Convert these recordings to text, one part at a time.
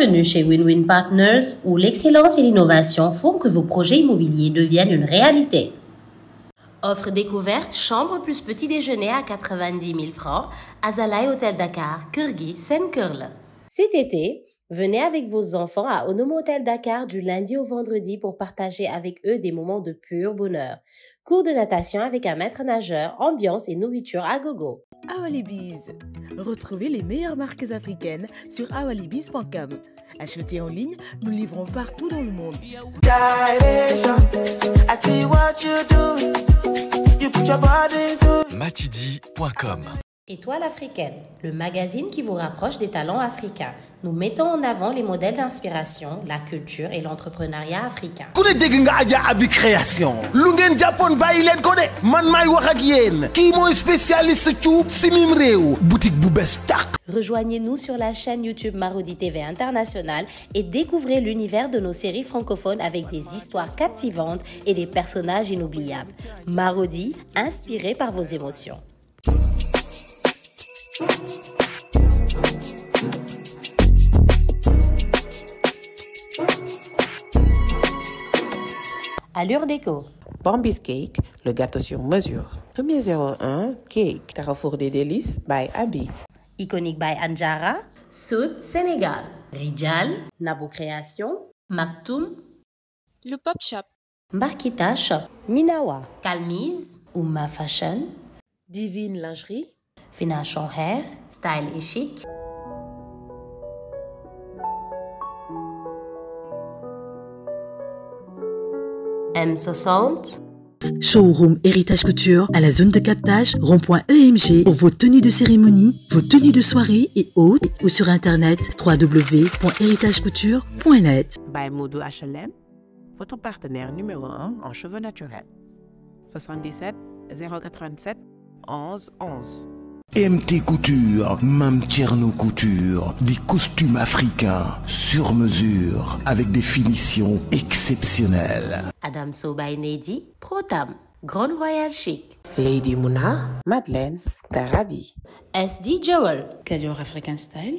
Bienvenue chez Win-Win Partners où l'excellence et l'innovation font que vos projets immobiliers deviennent une réalité. Offre découverte, chambre plus petit déjeuner à 90 000 francs, Azalai Hôtel Dakar, Kurgi, seine Cet été, Venez avec vos enfants à Onomo Hotel Dakar du lundi au vendredi pour partager avec eux des moments de pur bonheur. Cours de natation avec un maître nageur, ambiance et nourriture à gogo. Awalibiz. Retrouvez les meilleures marques africaines sur awalibiz.com. Achetez en ligne, nous livrons partout dans le monde. Matidi.com Étoile africaine, le magazine qui vous rapproche des talents africains. Nous mettons en avant les modèles d'inspiration, la culture et l'entrepreneuriat africain. Rejoignez-nous sur la chaîne YouTube Marodi TV International et découvrez l'univers de nos séries francophones avec des histoires captivantes et des personnages inoubliables. Marodi, inspiré par vos émotions. Allure déco. Bombis Cake, le gâteau sur mesure. 1 01 Cake, Carrefour des délices, by Abby. Iconique by Anjara. Sud, Sénégal. Rijal. Nabo Création. Maktoum. Le Pop Shop. Marquita Shop. Minawa. Calmiz. Uma Fashion. Divine Lingerie financial hair, style et chic. M60. Showroom Héritage Couture à la zone de captage rond.emg pour vos tenues de cérémonie, vos tenues de soirée et autres ou sur internet www.héritagecouture.net. By Modo HLM, votre partenaire numéro 1 en cheveux naturels. 77 087 11 11. MT Couture, Mam Tcherno Couture, des costumes africains sur mesure avec des finitions exceptionnelles. Adam Soba Protam, Grand Royal Chic. Lady Mouna, Madeleine, Darabi. SD Jewel, Cajor African Style.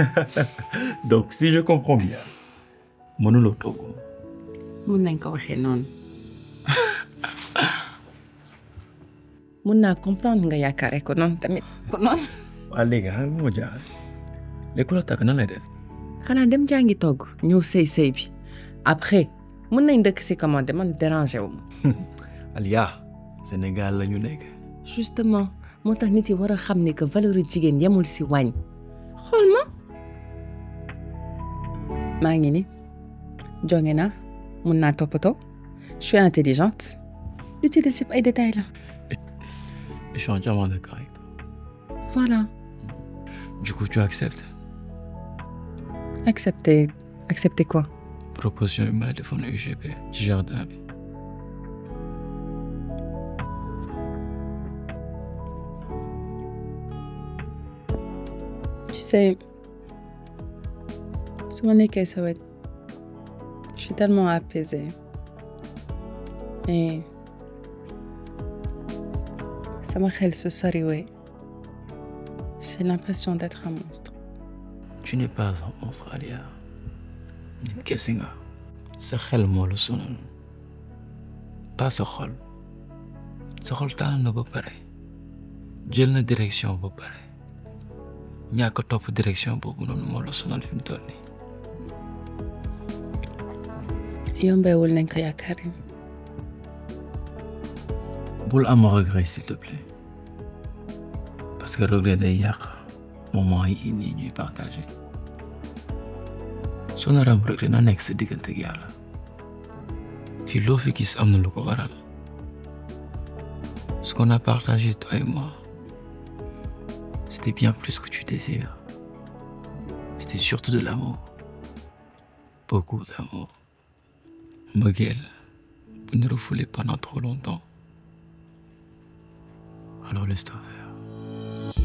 donc si je comprends bien je ne mun nañ ko je non. mun ne comprendre nga yaakaare ko non, tamit ko noonu. gars, pour ah moo jaaxal la après mun nañ dëkk ci commande man wu Aliya Sénégal la ñu justement tax nit que valeur si Mangini. Jongena, ni jonge je suis intelligente j'utilise ci pas détails je suis entièrement d'accord avec toi. voilà. du coup tu acceptes. accepter accepter quoi. proposition bi ma de de UGB ci jardin tu sais. Je suis tellement apaisée. Et ça m'a fait se soir, J'ai l'impression d'être un monstre. Tu n'es pas un monstre, Alia. Qu'est-ce que c'est C'est Pas ce Ce un direction, peu pareil. pas direction pour la yoon bay wul nañ ko yaa bul am regret s'il te plaît parce que regret day yàq moment yi nii ñuy partagé soo nar regret na nekk sa diggante ak yàlla fi loo fi gis am na lu ko waral ce qu'on a partagé toi et moi c'était bien plus que tu désires c'était surtout de l'amour beaucoup d'amour Miguel, vous ne pas pendant trop longtemps. Alors laisse-toi faire.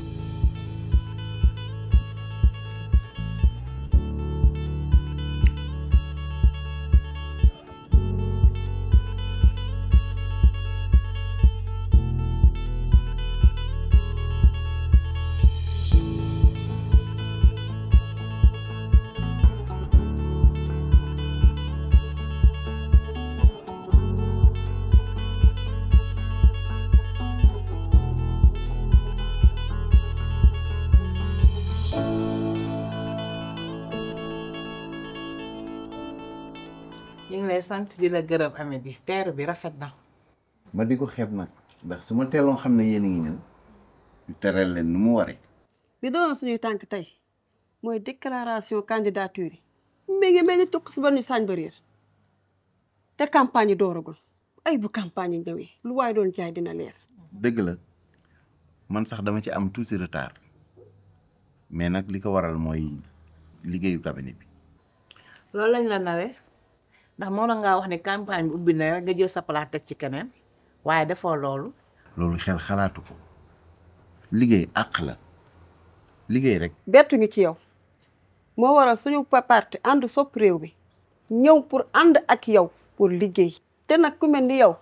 lay sant di la gërëm amee di teeru bi rafet na. ma di ko xeeb nag ndax su ma teeloon xam ne yéen a ngi ñëw ñu teral leen nu mu waree. li doon suñuy tànk tey mooy déclaration candidature yi. mi ngi mel ni tukk si ba ñu sañ ba réer te campagne yi dooragul ay bu campagne ñëwee lu waaye doon jaay dina leer. dëgg la man sax dama ci am tuuti retard mais nag li ko waral mooy liggéeyu cabinet bi. loolu lañ la nawee. ndax moo la ngaa wax ni campagne bi ubbi na rek nga jël sa palaat teg ci keneen waaye defoo loolu. loolu xel xalaatu ko liggéey àq la liggéey rek. bettuñu ci yow moo war waral suñu parti ànd sopp réew mi ñëw pour ànd ak yow pour liggéey. te nag ku mel ni yow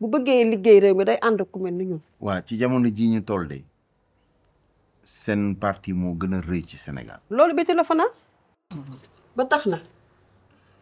bu bëggee liggéey réew mi day ànd ku mel ni ñun. waa ci jamono jii ñu toll de seen parti moo gën a rëy ci Sénégal. loolu bi téléphone ba tax na.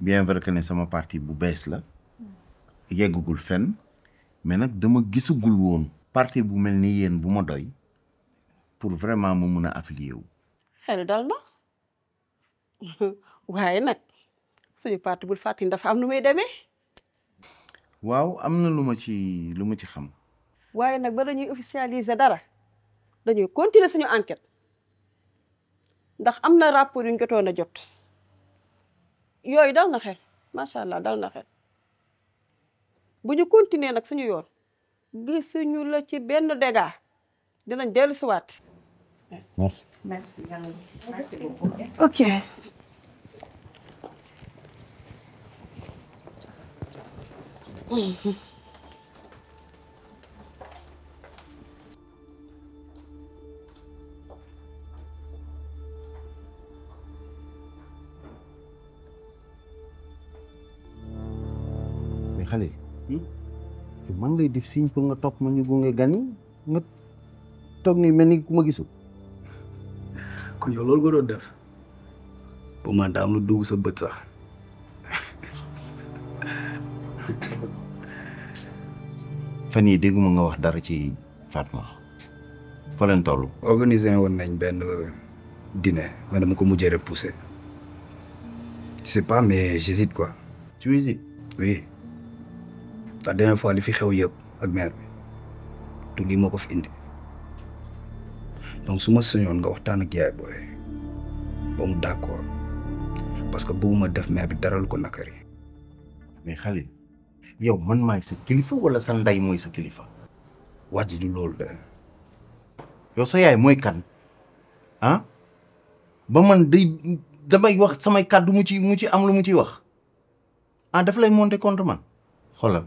bien vrai que ne sama partie bu bees la yeggagul fenn mais nag dama gisagul woon partie bu mel ni yéen bu ma doy pour vraiment ma mun a affilier wu xel daal na waaye nag suñu parti bul fàttali dafa am nu muy deme waaw am na lu ma ci lu ma ci xam waaye nag ba dañuy officialiser dara dañuy continuer suñu enquête ndax am na rapport yu ñu a jot yooyu dal na xel macha allah dal na xel bu ñu continuer nag suñu yoon gisuñu la ci benn dégât dinañ dellu si waat. ok. ngi lay def signe pour nga top ma ñu gunge gan yi nga toog ni mel ni ku ma gisul. kon yow loolu nga doon def. bu man lu dugg sa sax. nga wax dara ci Fatma fa leen toll. organisé won nañ ben dîner mais dama ko mujjé repousser. c'est pas mais j'hésite quoi. tu hésites. oui. ndax dernière fois li fi xew yëpp ak maire bi du lii moo ko fi indi donc su ma sañoon nga waxtaan ak yaay booy ba mu d'accord parce que bëgguma def maire bi daral ko nakari mais Khalil yow man maay sa kilifa wala sa ndey mooy sa kilifa wax ji du loolu de yow sa yaay mooy kan ah ba man day damay wax samay kàddu mu ci mu ci am lu mu ciy wax ah daf lay monter contre man xoolal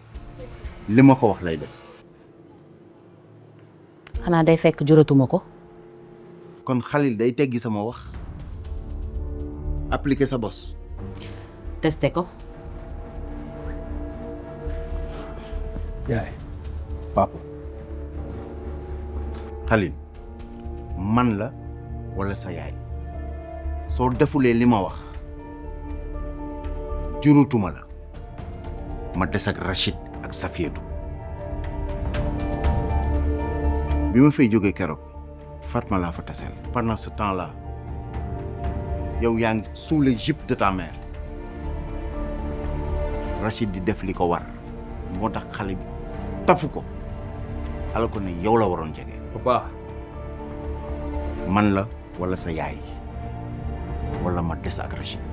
li ma ko wax lay def. xanaa day fekk juratuma ko. kon Khalil day teggi sama wax appliquer sa bos. te ko. yaay man la walla sa yaay soo defulee li ma wax juratuma la ma des ak Rachid. ak safiedu bima ma fay joge keroog Fatma la fa tassel pendant ce temps là yow yang sous le jupe de ta mère Rachid di def liko war motax xale bi tafu ko ala ne yow la waron jege. papa. man la wala sa yaay wala ma dess ak Rachid.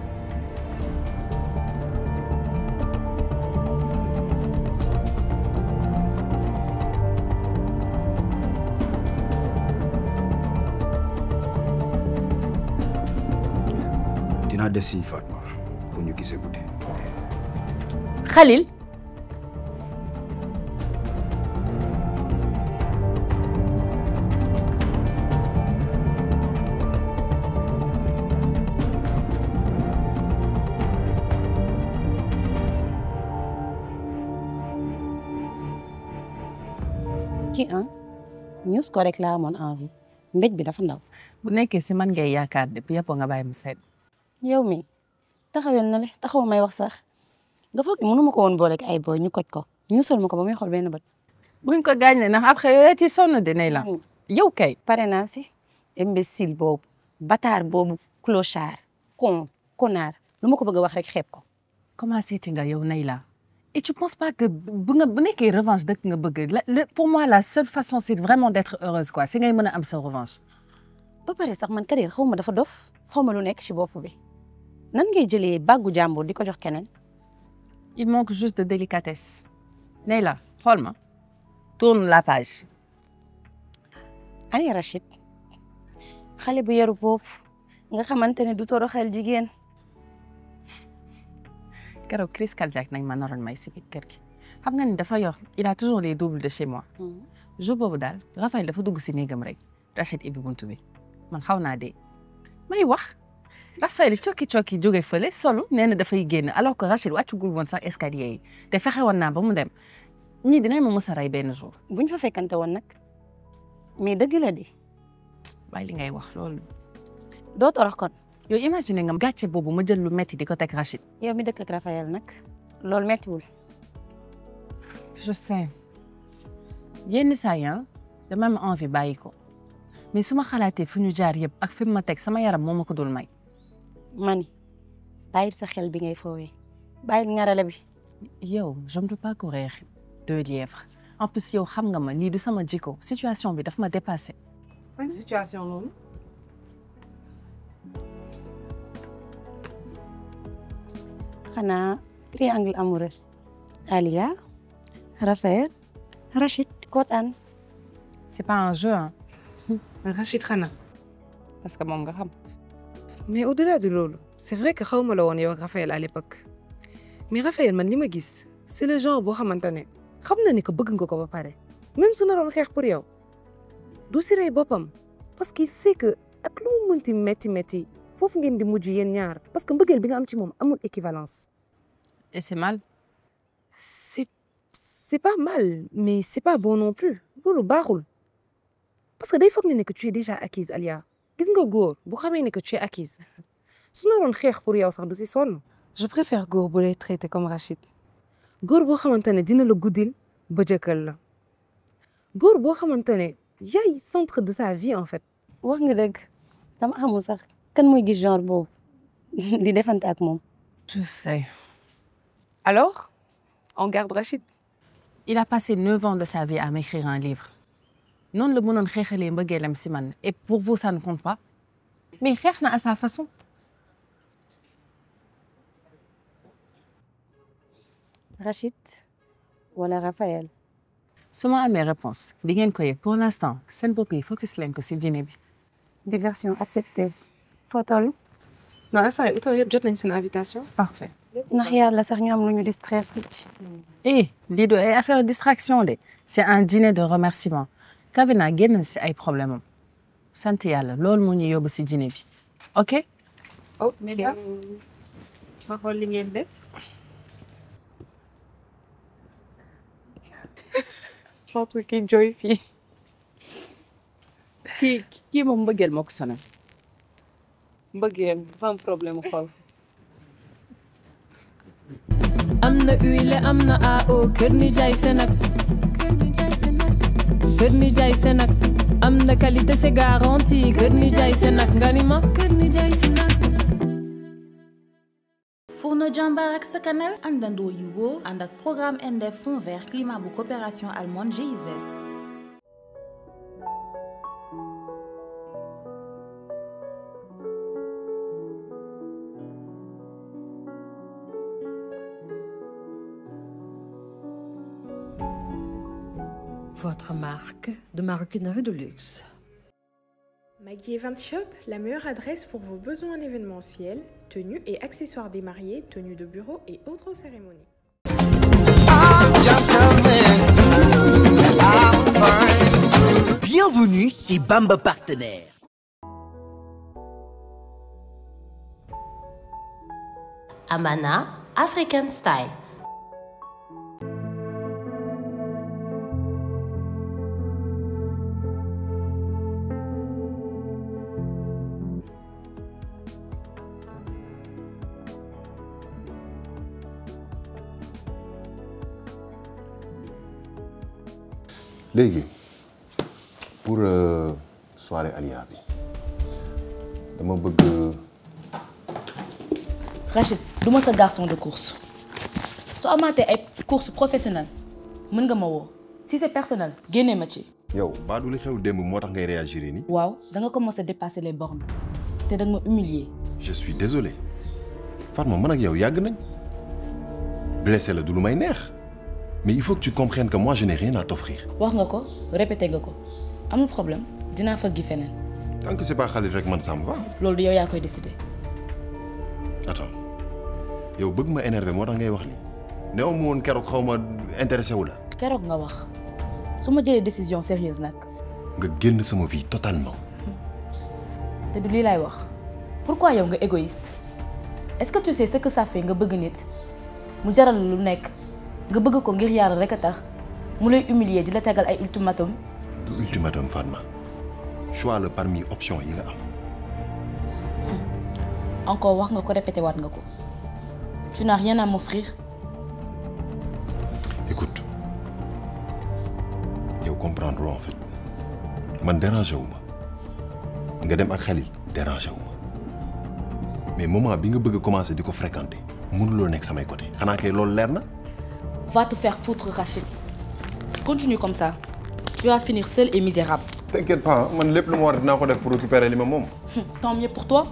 naa def siñ Fatma pour ñu gisee guddi. Khalil. kii ah news correct laa amoon en mbéj bi dafa ndaw. bu nekkee si man ngay yaakaar depuis yëpp nga bàyyi mu sedd. yow mi taxawel na le taxaw may wax sax nga foog mënu ma ko woon booleeg ay boy ñu koj ko ñu sol ma ko ba muy xool benn bët. buñ ko gaañlee ndax après yow ci sonn de nay la hmm. yow kay. pare naa si imbécile boobu bataar boobu clochard con connard lu ma ko bëgg a wax rek xeeb ko. comment seeti nga yow nay la et tu penses pas que bu nga bu nekkee revanche dëkk nga bëgg la pour moi la seule façon c'est vraiment d'être heureuse quoi c'est ngay mën a am sa revanche. ba pare sax man Kadir xaw ma dafa dof xaw ma lu nekk ci bopp bi nan ngay jëlee bàggu jàmbur di ko jox keneen. il manque juste de délicatesse. Leila, xool ma tourne la page. ani Rachid xale bu yaru bop nga xamantene ne du toroxal jigen keroog crise cardiaque nañ ma naroon may si kër gi xam nga ni dafa yox il a toujours les doubles de chez moi. Hmm. jo bobu dal Raphaël dafa dugg ci négam rek Rachid ibi buntu bi man xawna dé may wax. Raphaël cokki cokki jóge fële solu nee na dafay génn alors que Rachel wàccugul woon sax escalier yi te fexe woon naa ba mu dem ñii dinañ ma mës a rey benn jour. bu ñu fa fekkante woon nag mais dëgg la de. waaye li ngay wax loolu. doo torox kon. yow imagine ngam gatché bobu ma jël lu metti diko tek teg Rachel. yow mi dëkk ak Raphaël nag metti wul je sais yenn saa yi dama am envie bayiko mais suma xalaté fuñu jaar yëpp ak fi ma teg sama yaram momako dul may. mani bàyyil sa xel bi ngay fowé. bàyyil ngarale bi. yow peux pas courir deux lièvres en plus yow xam nga ma li du sama jiko. situation bi daf ma dépassé. ban situation loolu. xanaa triangle amoureux. Alia. Raphaël. Rachid Kotan. c'est pas un jeu hein..! Rachid Khana. parce que moom nga xam mais au-delà de lolo, c'est vrai que xaw ma la woon Raphaël à l'époque mais Raphaël man li ma c'est le genre boo xamante ne xam na ni ko bëgg nga ko ba pare même su naroon xeex pour yow du si rey parce qu'il sait que ak lu mu mënti métti métti foofu di mujj yéen ñaar parce que mbëggeel bi nga am ci moom amul équivalence. et c'est mal. c'est c'est pas mal mais c'est pas bon non plus loolu baaxul parce que day foog ne ne que tu es déjà accusé, Alia gis nga góor bu xamee ne que tu es acquise su naroon xeex pour yow sax du si sonn. je préfère góor bu lay traité comme Rachid. góor boo xamante ne dina la guddil ba jëkkal la góor boo xamante ne yaay centre de sa vie en fait. wax nga dëgg dama xamul sax kan mooy gis genre boobu di defante ak moom. je sais. alors on garde Rachid. il a passé 9 ans de sa vie à m'écrire un livre. Non, la ce xeexalee mbëggeelam si man et pour vous ça ne compte pas mais xeex na à sa façon. Rachid Ou Raphaël. su ma réponses réponse di ngeen ko pour l'instant c'est bopp yi focus que c'est dîner bi. diversion acceptée. fotol non ça, est auto yëpp jot nañ invitation. parfait. ndax la sax ñu am lu ñu distraire. eh les deux. ay affaire distraction de. c'est un dîner de remerciement. kawe naa génn ay problème am sant yàlla loolu moo ñu yóbbu si dîner bi ok. ok ma xool li ngeen def. kooku ki jooy fii. kii kii moom mbëggeel moo ko sonal. mbëggeel problème xol. am huile am na AO kër ni jaay Kër Nijaay Senak am na qualité c'est garanti Kër Nijaay Senak nga ni ma Kër Nijaay Senak fourneau jàmbaar ak sakanal àndandoo yu wóor ànd ak programme NDEF Fonds Vert climat bu coopération allemande GIZ votre marque de maroquinerie de luxe. Maggie Event Shop, la meilleure adresse pour vos besoins en événementiel, tenues et accessoires des mariés, tenues de bureau et autres cérémonies. Bienvenue chez Bamba Partenaire. Amana African Style léegi pour euh, soirée Alia bi dama bëgg. Rachid du ma sa garçon de course soo amaatee ay course professionnelle mën nga ma woo si c'est personnel génnee ma ci. yow baa du li xew démb moo tax ngay réagir nii. waaw da nga commencé dépasser les bornes te da nga ma humilier. je suis désolé Fatma man ak yow yàgg nañ blessé la du lu may mais il faut que tu comprennes que moi je n'ai rien à t'offrir. wax nga ko répété nga ko amul problème dinaa fëgg feneen. tant que c'est pas Khalid rek man ça me va. loolu yow yaa koy décider. attends yow bëgg ma énervé moo tax ngay wax lii néew mu woon keroog xaw ma intéressé wu la. keroog nga wax su ma décisions décision sérieuse nag. nga de sama vie totalement. Hmm. te du lii laay wax pourquoi yow nga égoïste est-ce que tu sais ce que ça fait nga bëgg nit mu jaral lu nekk nga bëgg ko ngir yaara rek a tax mu lay humilier di la tegal ay ultimatum. du ultimatum Fatma choix la parmi option yi nga am. Hmm. encore wax nga ko répété waat nga ko. tu n'as rien à m'offrir. écoute yow comprendre loo en fait man dérangé wu ma nga dem ak Khalil dérangé wu ma mais moment bi nga bëgg a commencer di ko fréquenter mënuloo nekk samay côté xanaa kay loolu leer na. Va te faire foutre, Rachid. Continue comme ça. Tu vas finir seul et misérable. T'inquiète pas, je hein. vais pour récupérer les mamans. Tant mieux pour toi.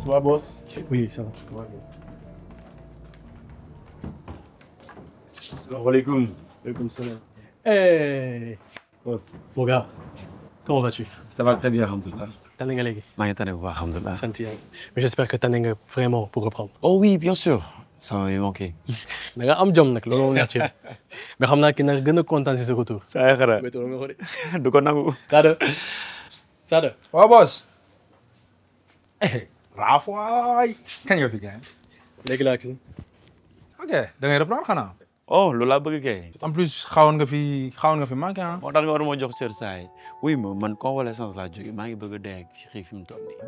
Ça va, boss Oui, ça va. Salam alaikum. Alaikum salam. Hey Boss. Bon gars, comment vas-tu Ça va très bien, Alhamdulillah. Tane nga léegi. maa ngi tane bu mais j'espère que tane nga vraiment pour reprendre. oh oui bien sûr. ça m'avait manqué. da nga am jom nak loolu moo neex ci yow. mais xam naa ki de ce retour? Ça y sa Mais to nga xara du ko nangu. Ça de. Wa boss. Raaf waay kañ nga fi gaañ. léegi ok da ngay reprendre xana. oh loolu laa bëgg kay. en plus xawoon nga fi xawoon nga fi manqué hein. Mo tax nga war mo jox cër saa yi. oui ma man convalescence la jógee Ma ngi bëgg a dee ak xëy fi mu toll nii.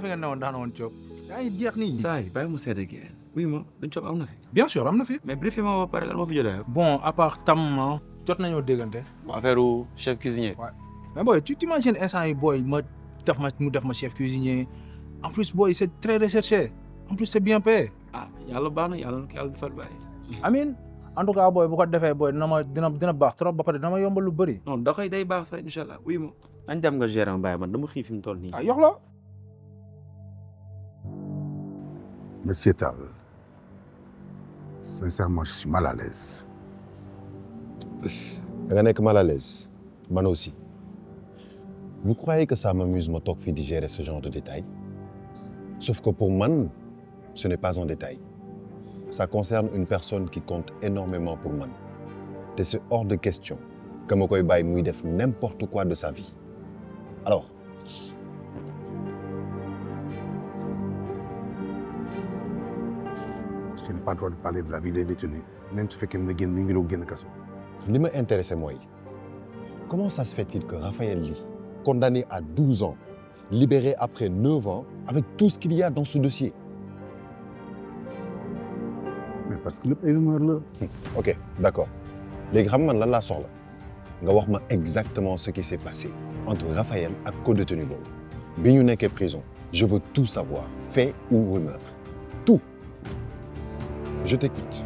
fi nga newoon daanaka woon coob. yaa ngi jeex nii. saa yi bàyyi mu sédé gee. oui mo duñ ciop amna fi. bien sûr amna fi. mais brièvement ba pare lan mo fi jotee. bon à part tam. jot nañoo déggante. affaire chef cuisinier. Ouais. mais boy, tu t'imagines instant yi booy ma def ma mu def ma chef cuisinier en plus boy, c'est très recherché en plus c'est bien payé. ah yalla bana, yalla yàlla na defal baye. amiin en tout cas boy, bu ko defee boy, dina dina dina baax trop ba pare dina ma yombal lu bëri. non da koy day baax sax inshallah. oui ma. nañ dem nga gérant baye man dama xiif fi mu toll nii. ah yox la. Monsieur Tall, sincèrement, je suis mal à l'aise. Vous êtes mal à l'aise, moi aussi. Vous croyez que ça m'amuse de digérer ce genre de détails Sauf que pour Man, ce n'est pas un détail. Ça concerne une personne qui compte énormément pour Man. Et c'est hors de question que Mokoy Bay def n'importe quoi de sa vie. Alors, je n'ai pas le droit de parler de la vie des détenus, même si je pas un kasso. Ce qui m'intéresse, moi, comment ça se fait-il que Raphaël Lee, condamné à 12 ans libéré après 9 ans, avec tout ce qu'il y a dans ce dossier Mais parce que le est mort..! là. ok d'accord Les xam là lan laa soxla nga exactement ce qui s'est passé entre Raphaël et co de boobu bi prison je veux tout savoir fait ou rumeur tout je t'écoute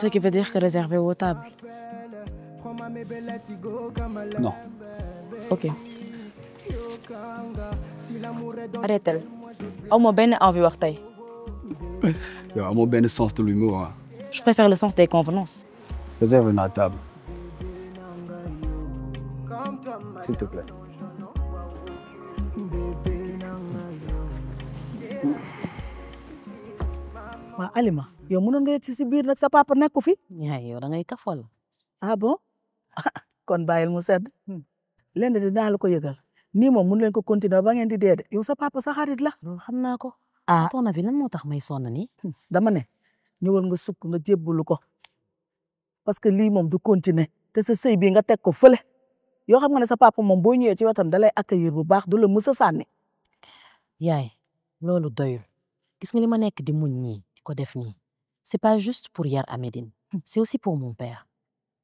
Ce qui veut dire que réservé aux table. Non. Ok. Arrête-le. Au ben envie de Yo, au ben sens de l'humour. Hein. Je préfère le sens des convenances. Réserve une table. S'il te plaît. waa Alima yow mënoon nga yegg si si biir nag sa papa nekku fi. ñaay yow da ngay kaf wala. ah bon kon bàyyil mu sedd. Hmm. lenn dinaa la ko yëgal. nii moom mënu leen ko continuer ba ngeen di dee de yow sa papa sa xarit la. loolu xam naa ko. ah toona fi lan moo tax may sonn nii. Hmm. dama ne ñëwal nga sukk nga jébbalu ko parce que lii moom du continuer te sa sëy bii nga teg ko fële yoo xam nga ne sa papa moom boo ñëwee ci wetam da lay accueillir bu baax du la mës a sànni. doyul gis ma nekk di muñ ñii ko def nii c'est pas juste pour yar Amedine hmm. c'est aussi pour mon père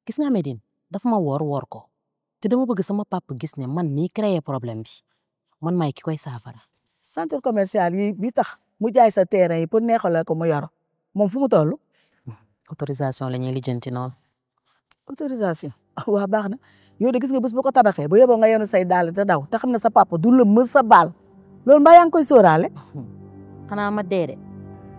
gis nga Amedine dafa ma wor wor ko te dama bëgg sama papa gis ne man mi créer problème bi man may ki koy saafara. centre commercial yi bi tax mu jaay sa terrain yi pour neexal ko mu yor mom fu mu toll. autorisation la ñuy lijjanti noonu. autorisation wa baax na yow de gis nga bés bu ko tabaxé bu yóbboo nga yoonu say dal te daw te xamna sa papa du le mës a baal loolu mbaa yaa koy sóoraale. xana ma dee de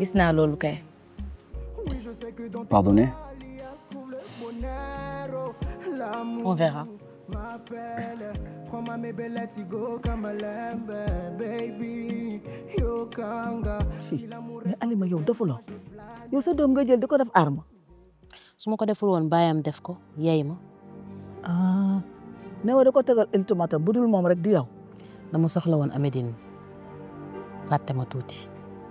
gis naa loolu kay. pardonné on verra. si mais Alima yow defuloo yow sa doom nga jël di ko def arme. su ma ko deful woon bàyyam def ko yey ma. ah ne wa da ko tegal ultimatum budul moom rek di yow. dama soxla woon Amédine fàtte ma tuuti.